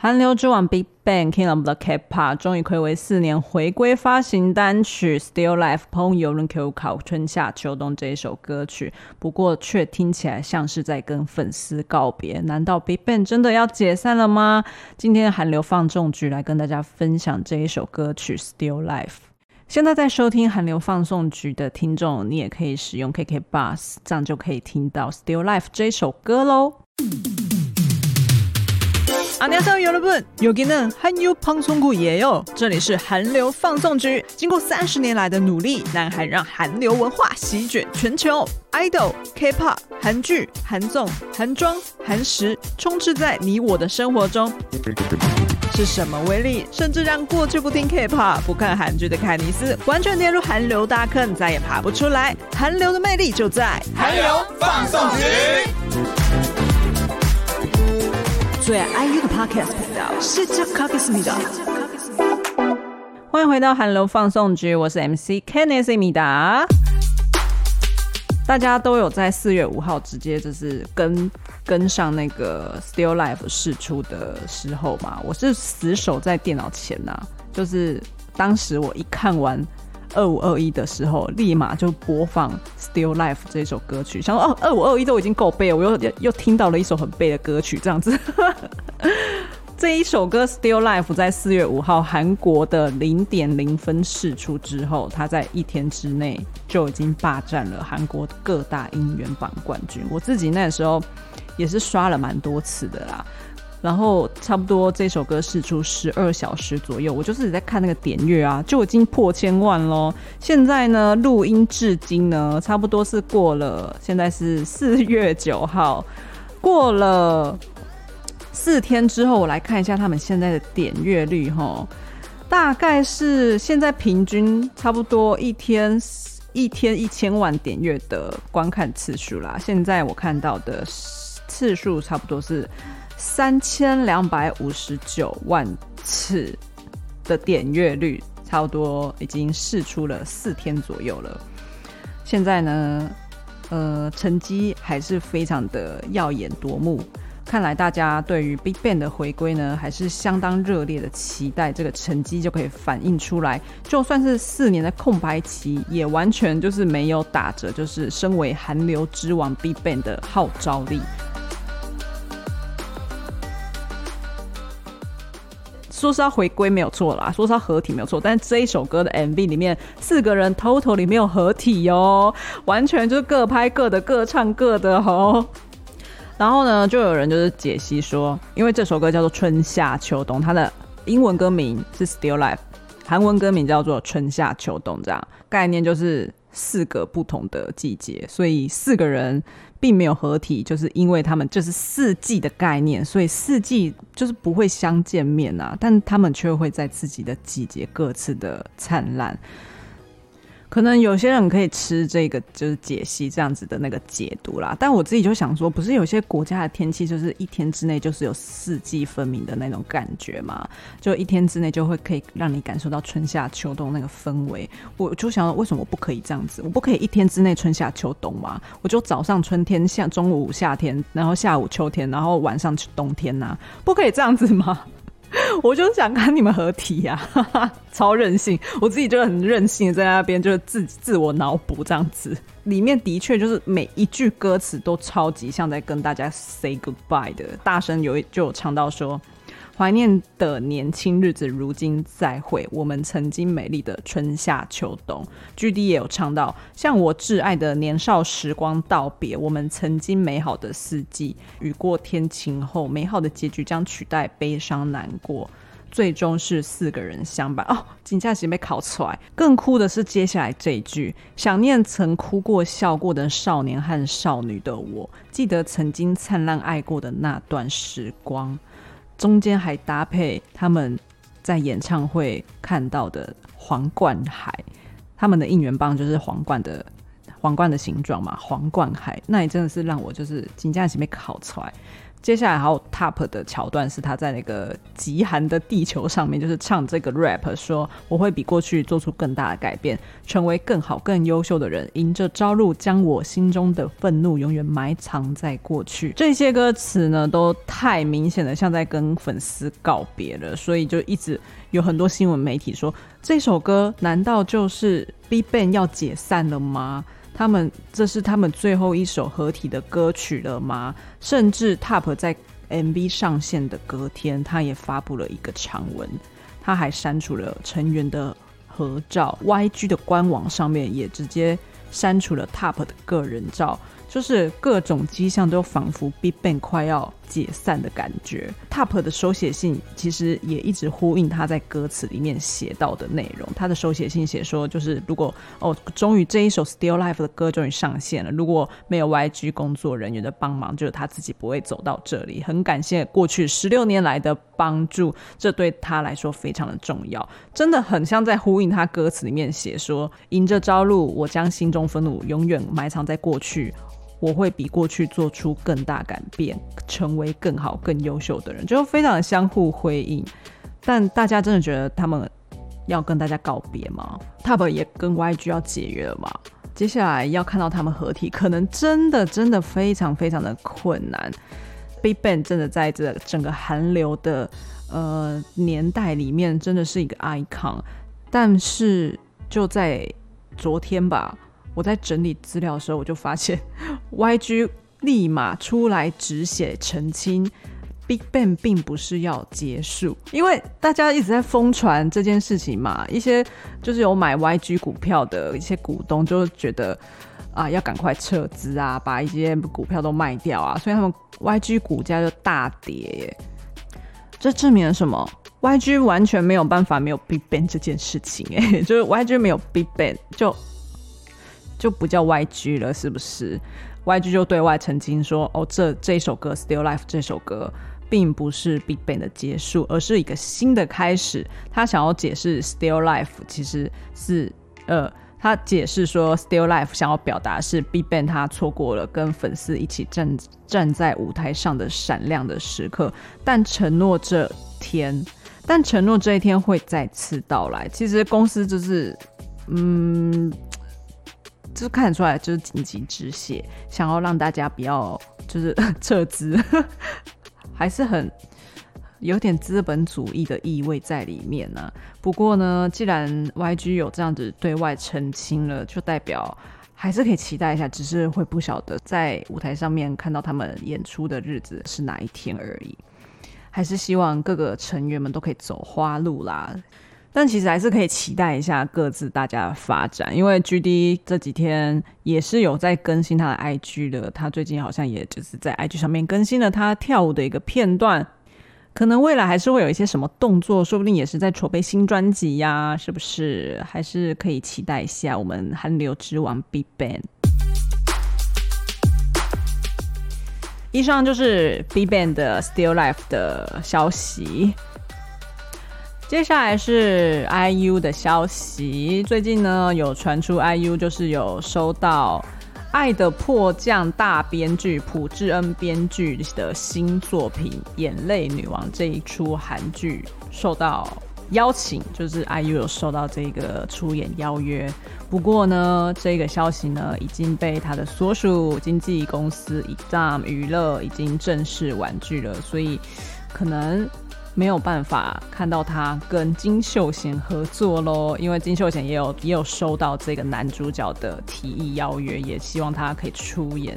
韓流之王 Big Bang King of the K-pop 終於睽違四年回歸發行單曲《Still Life》，朋友們可以考春夏秋冬這一首歌曲，不過卻聽起來像是在跟粉絲告別。難道 Big Bang 真的要解散了嗎？今天韓流放送局來跟大家分享這一首歌曲《Still Life》。現在在收聽韓流放送局的聽眾，你也可以使用 KK Bus，這樣就可以聽到《Still Life》這一首歌嘍。阿尼阿桑有了不？有的人還有胖松骨也有這裡是韓流放送局。經過三十年來的努力，南韓讓韓流文化席捲全球，idol、K、K-pop、韓劇、韓綜、韓妝、韓食，充斥在你我的生活中。是什麼威力，甚至讓過去不聽 K-pop、pop, 不看韓劇的凱尼斯，完全跌入韓流大坑，再也爬不出來？韓流的魅力就在韓流放送局。最愛的。歡迎回到韓流放送局，我是 MC Kenneth 米達。大家都有在四月五號直接就是跟跟上那個《Still Life》釋出的時候嘛？我是死守在電腦前吶、啊，就是當時我一看完二五二一的時候，立馬就播放《Still Life》這首歌曲，想說哦，二五二一都已經夠背了，我又又，又聽到了一首很背的歌曲，這樣子。 這一首歌《Still Life》在四月五號韓國的零點零分釋出之後，它在一天之內就已經霸占了韓國各大音源榜冠軍。我自己那時候也是刷了蠻多次的啦。然後差不多這首歌釋出十二小時左右，我就自己在看那個點閱啊，就已經破千萬咯。現在呢，錄音至今呢，差不多是過了，現在是四月九號，過了。四天之後，我來看一下他們現在的點閱率齁，大概是現在平均差不多一天一天一千萬點閱的觀看次數啦。現在我看到的次數差不多是三千兩百五十九萬次的點閱率，差不多已經釋出了四天左右了。現在呢，呃，成績還是非常的耀眼奪目。看來大家對於 Big Bang 的回歸呢，還是相當熱烈的期待。這個成績就可以反映出來，就算是四年的空白期，也完全就是沒有打折。就是身為韓流之王 Big Bang 的號召力，說是他回歸沒有錯啦，說是他合體沒有錯，但是這一首歌的 MV 裡面，四個人 totally 沒有合體哦，完全就是各拍各的，各唱各的哦。然後呢，就有人就是解析說，因為這首歌叫做《春夏秋冬》，它的英文歌名是《Still Life》，韓文歌名叫做《春夏秋冬》。這樣概念就是四個不同的季節，所以四個人並沒有合體，就是因為他們就是四季的概念，所以四季就是不會相見面啊，但他們卻會在自己的季節各自的燦爛。可能有些人可以吃這個，就是解析這樣子的那個解讀啦。但我自己就想說，不是有些國家的天氣就是一天之內就是有四季分明的那種感覺嗎？就一天之內就會可以讓你感受到春夏秋冬那個氛圍。我就想說，為什麼我不可以這樣子？我不可以一天之內春夏秋冬嗎？我就早上春天，夏中午夏天，然後下午秋天，然後晚上冬天吶、啊，不可以這樣子嗎？ 我就想跟你們合體呀、啊哈，超任性！我自己就很任性的在那邊，就是自自我腦補這樣子。裡面的確就是每一句歌詞都超級像在跟大家 say goodbye 的，大聲有就有唱到說。懷念的年輕日子，如今再會，我們曾經美麗的春夏秋冬。GD 也有唱到，向我摯愛的年少時光道別，我們曾經美好的四季。雨過天晴後，美好的結局將取代悲傷難過。最終是四個人相伴。哦，井下已經被考出來。更哭的是接下來這一句：想念曾哭過笑過的少年和少女的我，記得曾經燦爛愛過的那段時光。中間還搭配他們在演唱會看到的皇冠海，他們的應援棒就是皇冠的皇冠的形狀嘛，皇冠海，那也真的是讓我就是驚駕一時沒考出來。接下來還有《Top》的橋段是他在那個極寒的地球上面，就是唱這個 rap 說我會比過去做出更大的改變，成為更好、更優秀的人。迎着朝露，將我心中的憤怒永遠埋藏在過去。這些歌詞呢，都太明顯的像在跟粉絲告別了，所以就一直有很多新聞媒體說這首歌難道就是 BIGBANG 要解散了嗎？他們這是他們最後一首合體的歌曲了嗎？甚至 T.O.P 在 MV 上線的隔天，他也發布了一個長文，他還刪除了成員的合照。YG 的官網上面也直接刪除了 T.O.P 的個人照。就是各種跡象都仿佛 BIGBANG 快要解散的感覺。T.O.P 的手寫信其實也一直呼應他在歌詞裡面寫到的內容。他的手寫信寫說，就是如果哦，終於這一首《Still Life》的歌終於上線了。如果沒有 YG 工作人員的幫忙，就是他自己不會走到這裡。很感謝過去十六年來的幫助，這對他來說非常的重要。真的很像在呼應他歌詞裡面寫說：“迎着朝露，我將心中憤怒永遠埋藏在過去。”我會比過去做出更大改變，成為更好、更優秀的人，就非常的相互回應。但大家真的覺得他們要跟大家告別嗎？T.O.P 也跟 YG 要解約了嗎？接下來要看到他們合體，可能真的真的非常非常的困難。Big Bang 真的在這整個韓流的呃年代裡面，真的是一個 icon。但是就在昨天吧，我在整理資料的時候，我就發現。YG 立馬出來止血澄清，Big Bang 並不是要結束，因為大家一直在瘋傳這件事情嘛。一些就是有買 YG 股票的一些股東就覺得啊，要趕快撤資啊，把一些股票都賣掉啊，所以他們 YG 股價就大跌耶。這證明了什麼？YG 完全沒有辦法沒有 Big Bang 這件事情哎，就是 YG 沒有 Big Bang 就就不叫 YG 了，是不是？YG 就對外澄清說：“哦，這這首歌《Still Life》這首歌，並不是 BIGBANG 的結束，而是一個新的開始。他想要解釋《Still Life》其實是……呃，他解釋說，《Still Life》想要表達是 BIGBANG 他錯過了跟粉絲一起站站在舞台上的閃亮的時刻，但承諾這天，但承諾這一天會再次到來。其實公司就是……嗯。”就看得出來，就是緊急止血，想要讓大家不要就是撤資， 還是很有點資本主義的意味在裡面呢啊。不過呢，既然 YG 有這樣子對外澄清了，就代表還是可以期待一下，只是會不曉得在舞台上面看到他們演出的日子是哪一天而已。還是希望各個成員們都可以走花路啦。但其實還是可以期待一下各自大家的發展，因為 GD 這幾天也是有在更新他的 IG 的，他最近好像也就是在 IG 上面更新了他跳舞的一個片段，可能未來還是會有一些什麼動作，說不定也是在籌備新專輯呀，是不是？還是可以期待一下我們韓流之王 BIGBANG。以 上就是 BIGBANG 的 Still Life 的消息。接下來是 IU 的消息。最近呢，有傳出 IU 就是有收到《愛的迫降大編劇》大編劇朴智恩編劇的新作品《眼淚女王》這一出韓劇受到邀請，就是 IU 有受到這個出演邀約。不過呢，這個消息呢已經被他的所屬經紀公司 EDAM 娛樂已經正式婉拒了，所以可能。沒有辦法看到他跟金秀賢合作咯因為金秀賢也有也有收到這個男主角的提議邀約，也希望他可以出演。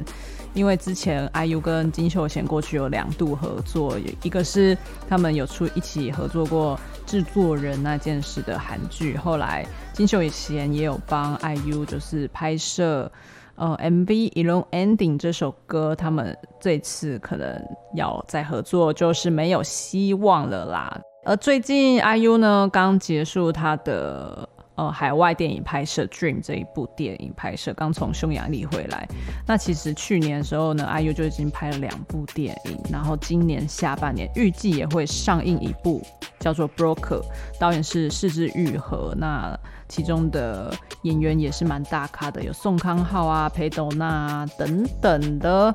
因為之前 IU 跟金秀賢過去有兩度合作，一個是他們有出一起合作過製作人那件事的韓劇，後來金秀賢也有幫 IU 就是拍攝。呃，M V e l o n e ending 這首歌，他們這次可能要再合作，就是沒有希望了啦。而最近 IU 呢，剛結束他的、呃、海外電影拍攝《Dream》這一部電影拍攝，剛從匈牙利回來。那其實去年的時候呢，IU 就已經拍了兩部電影，然後今年下半年預計也會上映一部叫做《Broker》，導演是是枝裕和。那其中的演員也是蠻大咖的，有宋康昊啊、裴斗娜、啊、等等的，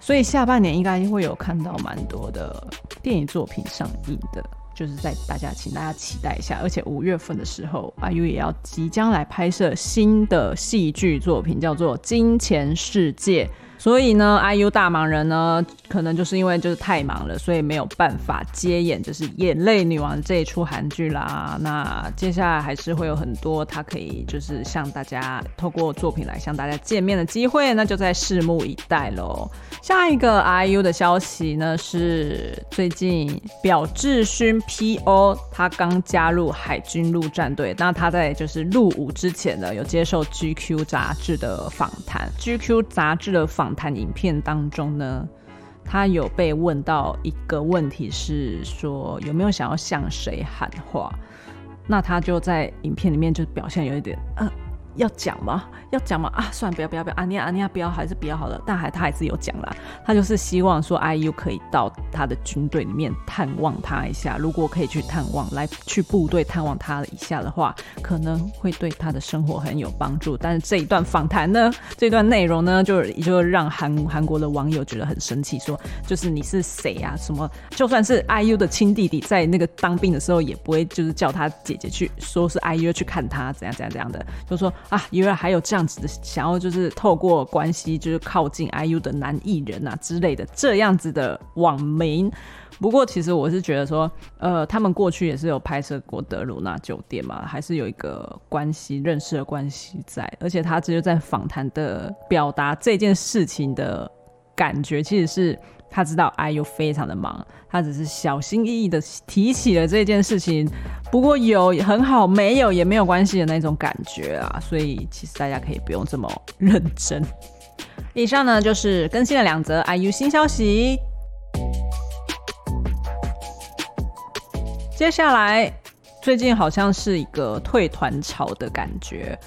所以下半年應該會有看到蠻多的電影作品上映的，就是在大家，請大家期待一下。而且五月份的時候，IU 也要即將來拍攝新的戲劇作品，叫做《金錢世界》。所以呢，IU 大忙人呢，可能就是因為就是太忙了，所以沒有辦法接演就是《眼淚女王》這一出韓劇啦。那接下來還是會有很多他可以就是向大家透過作品來向大家見面的機會，那就在拭目以待嘍。下一個 IU 的消息呢，是最近表志勳 PO 他剛加入海軍陸戰隊。那他在就是入伍之前呢，有接受 GQ 雜誌的訪談，GQ 雜誌的訪。談影片當中呢，他有被問到一個問題，是說有沒有想要向誰喊話？那他就在影片裡面就表現有一點，啊要講嗎？要講嗎？啊，算了，不要不要不要，阿尼亞阿尼亞不要、啊啊啊、不要還是不要好了。但還他還是有講啦，他就是希望說 IU 可以到他的軍隊裡面探望他一下。如果可以去探望，來去部隊探望他一下的話，可能會對他的生活很有幫助。但是這一段訪談呢，這段內容呢，就就讓韓韓國的網友覺得很生氣，說就是你是誰呀？啊？什麼就算是 IU 的親弟弟，在那個當兵的時候也不會就是叫他姐姐去說是 IU 去看他怎樣怎樣怎樣的，就是、說。啊，因為還有這樣子的，想要就是透過關係，就是靠近 IU 的男藝人啊之類的這樣子的網名。不過其實我是覺得說，呃，他們過去也是有拍攝過德魯納酒店嘛，還是有一個關係認識的關係在。而且他直接在訪談的表達這件事情的感覺，其實是。他知道 IU 非常的忙，他只是小心翼翼的提起了這件事情，不過有也很好，沒有也沒有關係的那種感覺啊，所以其實大家可以不用這麼認真。以上呢就是更新了兩則 IU 新消息。接下來最近好像是一個退團潮的感覺，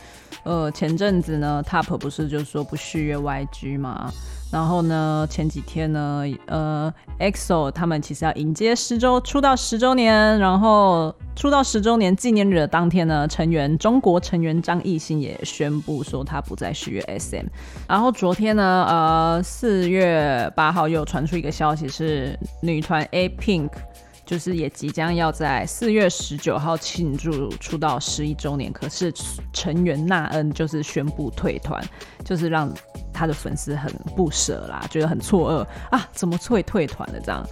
呃，前陣子呢，TOP 不是就說不續約 YG 嗎？然後呢，前幾天呢，呃，EXO 他們其實要迎接十周出道十週年，然後出道十週年紀念日的當天呢，成員中國成員張藝興也宣布說他不再續約 SM。然後昨天呢，呃，四月八號又傳出一個消息，是女團 A Pink，就是也即將要在四月十九號慶祝出道十一週年，可是成員娜恩就是宣布退團，就是讓。他的粉絲很不捨啦，覺得很錯愕啊，怎麼會退團的這樣？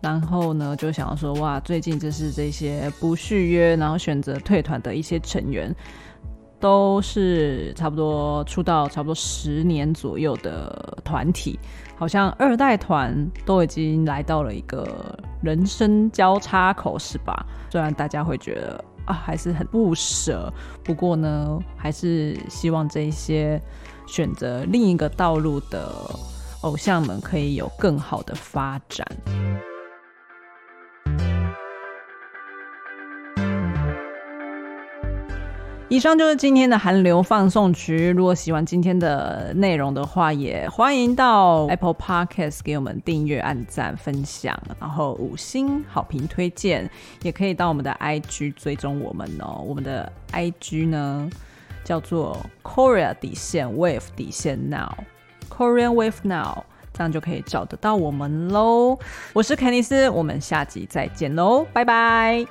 然後呢，就想要說哇，最近就是這些不續約，然後選擇退團的一些成員，都是差不多出道差不多十年左右的團體，好像二代團都已經來到了一個人生交叉口，是吧？雖然大家會覺得啊，還是很不捨，不過呢，還是希望這一些。選擇另一個道路的偶像們可以有更好的發展。以上就是今天的韓流放送局。如果喜歡今天的內容的話，也歡迎到 Apple Podcast 給我們訂閱、按讚、分享，然後五星好評推薦。也可以到我們的 IG 追蹤我們哦。我們的 IG 呢？叫做 Korea 底線 Wave 底線 Now Korea Wave Now，這樣就可以找得到我們嘍。我是肯尼斯，我們下集再見嘍，拜拜。